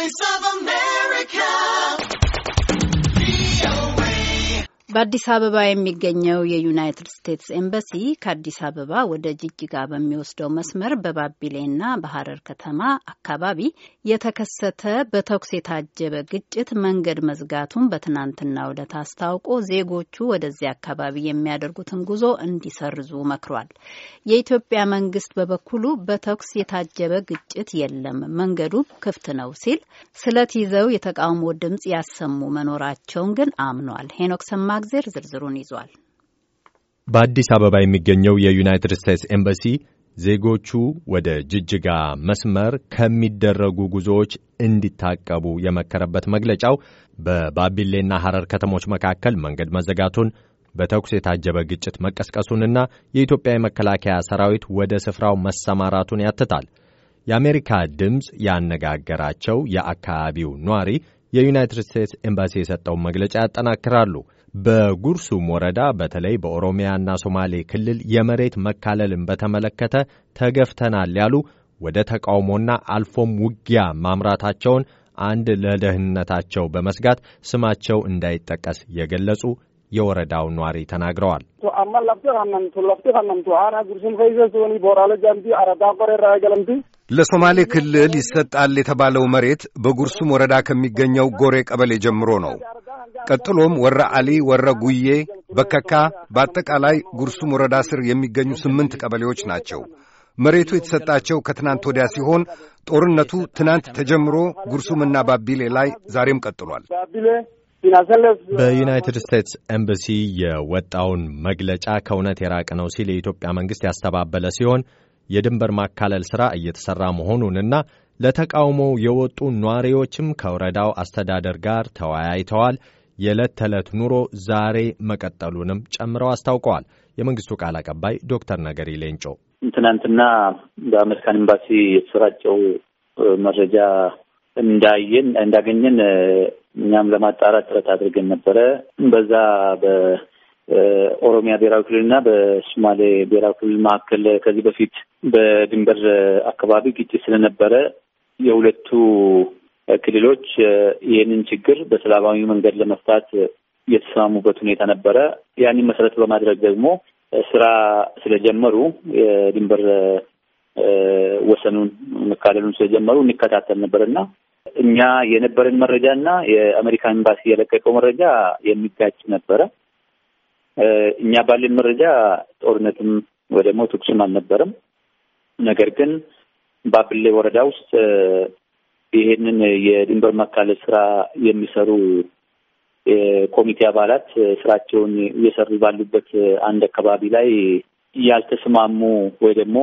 Voice of በአዲስ አበባ የሚገኘው የዩናይትድ ስቴትስ ኤምባሲ ከአዲስ አበባ ወደ ጅጅጋ በሚወስደው መስመር በባቢሌና በሐረር ከተማ አካባቢ የተከሰተ በተኩስ የታጀበ ግጭት መንገድ መዝጋቱን በትናንትናው ዕለት አስታውቆ ዜጎቹ ወደዚያ አካባቢ የሚያደርጉትን ጉዞ እንዲሰርዙ መክሯል። የኢትዮጵያ መንግስት በበኩሉ በተኩስ የታጀበ ግጭት የለም፣ መንገዱ ክፍት ነው ሲል ስለት ይዘው የተቃውሞ ድምፅ ያሰሙ መኖራቸውን ግን አምኗል። ሄኖክ ሰማ አግዜር ዝርዝሩን ይዟል። በአዲስ አበባ የሚገኘው የዩናይትድ ስቴትስ ኤምባሲ ዜጎቹ ወደ ጅጅጋ መስመር ከሚደረጉ ጉዞዎች እንዲታቀቡ የመከረበት መግለጫው በባቢሌና ሐረር ከተሞች መካከል መንገድ መዘጋቱን በተኩስ የታጀበ ግጭት መቀስቀሱንና የኢትዮጵያ የመከላከያ ሰራዊት ወደ ስፍራው መሰማራቱን ያትታል። የአሜሪካ ድምፅ ያነጋገራቸው የአካባቢው ኗሪ የዩናይትድ ስቴትስ ኤምባሲ የሰጠውን መግለጫ ያጠናክራሉ። በጉርሱም ወረዳ በተለይ በኦሮሚያና ሶማሌ ክልል የመሬት መካለልን በተመለከተ ተገፍተናል ያሉ ወደ ተቃውሞና አልፎም ውጊያ ማምራታቸውን አንድ ለደህንነታቸው በመስጋት ስማቸው እንዳይጠቀስ የገለጹ የወረዳው ኗሪ ተናግረዋል። ለሶማሌ ክልል ይሰጣል የተባለው መሬት በጉርሱም ወረዳ ከሚገኘው ጎሬ ቀበሌ ጀምሮ ነው። ቀጥሎም ወረ አሊ፣ ወረ ጉዬ፣ በከካ በአጠቃላይ ጉርሱም ወረዳ ስር የሚገኙ ስምንት ቀበሌዎች ናቸው። መሬቱ የተሰጣቸው ከትናንት ወዲያ ሲሆን ጦርነቱ ትናንት ተጀምሮ ጉርሱምና ባቢሌ ላይ ዛሬም ቀጥሏል። በዩናይትድ ስቴትስ ኤምባሲ የወጣውን መግለጫ ከእውነት የራቀ ነው ሲል የኢትዮጵያ መንግሥት ያስተባበለ ሲሆን የድንበር ማካለል ሥራ እየተሠራ መሆኑንና ለተቃውሞው የወጡ ኗሪዎችም ከወረዳው አስተዳደር ጋር ተወያይተዋል። የዕለት ተዕለት ኑሮ ዛሬ መቀጠሉንም ጨምረው አስታውቀዋል። የመንግስቱ ቃል አቀባይ ዶክተር ነገሪ ሌንጮ ትናንትና በአሜሪካን ኤምባሲ የተሰራጨው መረጃ እንዳየን እንዳገኘን እኛም ለማጣራት ጥረት አድርገን ነበረ። በዛ በኦሮሚያ ብሔራዊ ክልልና በሶማሌ ብሔራዊ ክልል መካከል ከዚህ በፊት በድንበር አካባቢ ግጭት ስለነበረ የሁለቱ ክልሎች ይህንን ችግር በሰላማዊ መንገድ ለመፍታት የተስማሙበት ሁኔታ ነበረ። ያንን መሰረት በማድረግ ደግሞ ስራ ስለጀመሩ የድንበር ወሰኑን መካለሉን ስለጀመሩ እንከታተል ነበር እና እኛ የነበረን መረጃ እና የአሜሪካን ኤምባሲ የለቀቀው መረጃ የሚጋጭ ነበረ። እኛ ባለን መረጃ ጦርነትም ወይ ደግሞ ትኩስም አልነበረም። ነገር ግን ባብሌ ወረዳ ውስጥ ይሄንን የድንበር መካለል ስራ የሚሰሩ የኮሚቴ አባላት ስራቸውን እየሰሩ ባሉበት አንድ አካባቢ ላይ ያልተስማሙ ወይ ደግሞ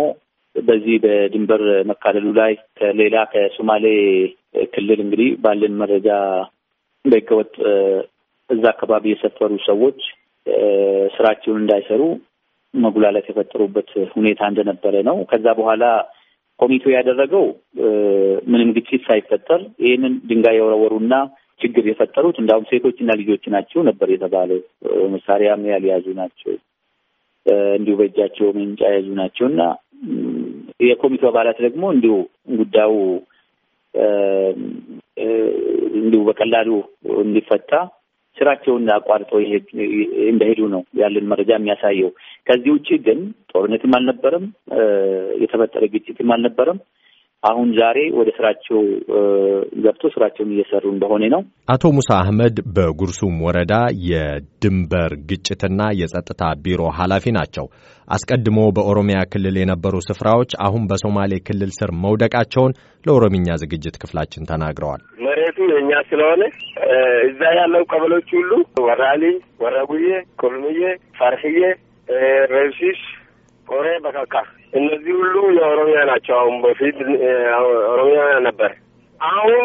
በዚህ በድንበር መካለሉ ላይ ከሌላ ከሶማሌ ክልል እንግዲህ ባለን መረጃ በህገወጥ እዛ አካባቢ የሰፈሩ ሰዎች ስራቸውን እንዳይሰሩ መጉላላት የፈጠሩበት ሁኔታ እንደነበረ ነው። ከዛ በኋላ ኮሚቴው ያደረገው ምንም ግጭት ሳይፈጠር ይህንን ድንጋይ የወረወሩና ችግር የፈጠሩት እንዲሁም ሴቶችና ልጆች ናቸው ነበር የተባለው። መሳሪያም ያልያዙ ናቸው፣ እንዲሁ በእጃቸው መንጫ የያዙ ናቸው እና የኮሚቴው አባላት ደግሞ እንዲሁ ጉዳዩ እንዲሁ በቀላሉ እንዲፈታ ስራቸውን አቋርጦ እንደሄዱ ነው ያለን መረጃ የሚያሳየው። ከዚህ ውጭ ግን ጦርነትም አልነበረም፣ የተፈጠረ ግጭትም አልነበረም። አሁን ዛሬ ወደ ስራቸው ገብቶ ስራቸውን እየሰሩ እንደሆነ ነው። አቶ ሙሳ አህመድ በጉርሱም ወረዳ የድንበር ግጭትና የጸጥታ ቢሮ ኃላፊ ናቸው። አስቀድሞ በኦሮሚያ ክልል የነበሩ ስፍራዎች አሁን በሶማሌ ክልል ስር መውደቃቸውን ለኦሮምኛ ዝግጅት ክፍላችን ተናግረዋል። መሬቱ የእኛ ስለሆነ እዛ ያለው ቀበሎች ሁሉ ወራሊ፣ ወረጉዬ፣ ኮልምዬ፣ ፋርህዬ፣ ረብሲስ፣ ቆሬ፣ በካካ እነዚህ ሁሉ የኦሮሚያ ናቸው። አሁን በፊት ኦሮሚያ ነበር። አሁኑ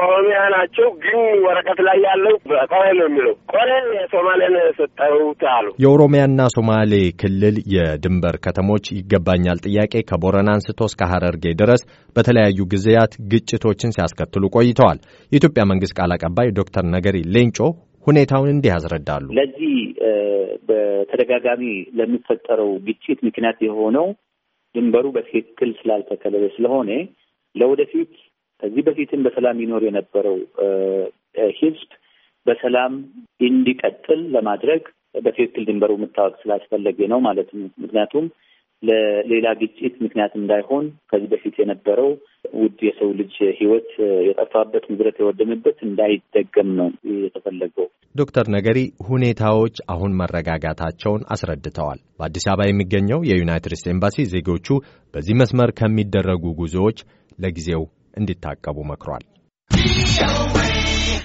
ኦሮሚያ ናቸው፣ ግን ወረቀት ላይ ያለው ቆሬ ነው የሚለው። ቆሬ ሶማሌን ሰጠውት አሉ። የኦሮሚያና ሶማሌ ክልል የድንበር ከተሞች ይገባኛል ጥያቄ ከቦረና አንስቶ እስከ ሀረርጌ ድረስ በተለያዩ ጊዜያት ግጭቶችን ሲያስከትሉ ቆይተዋል። የኢትዮጵያ መንግስት ቃል አቀባይ ዶክተር ነገሪ ሌንጮ ሁኔታውን እንዲህ ያስረዳሉ። ለዚህ በተደጋጋሚ ለሚፈጠረው ግጭት ምክንያት የሆነው ድንበሩ በትክክል ስላልተከለለ ስለሆነ ለወደፊት ከዚህ በፊትም በሰላም ይኖር የነበረው ህዝብ በሰላም እንዲቀጥል ለማድረግ በትክክል ድንበሩ መታወቅ ስላስፈለገ ነው ማለት ነው። ምክንያቱም ለሌላ ግጭት ምክንያት እንዳይሆን ከዚህ በፊት የነበረው ውድ የሰው ልጅ ህይወት የጠፋበት ንብረት የወደመበት እንዳይደገም ነው የተፈለገው። ዶክተር ነገሪ ሁኔታዎች አሁን መረጋጋታቸውን አስረድተዋል። በአዲስ አበባ የሚገኘው የዩናይትድ ስቴትስ ኤምባሲ ዜጎቹ በዚህ መስመር ከሚደረጉ ጉዞዎች ለጊዜው እንዲታቀቡ መክሯል።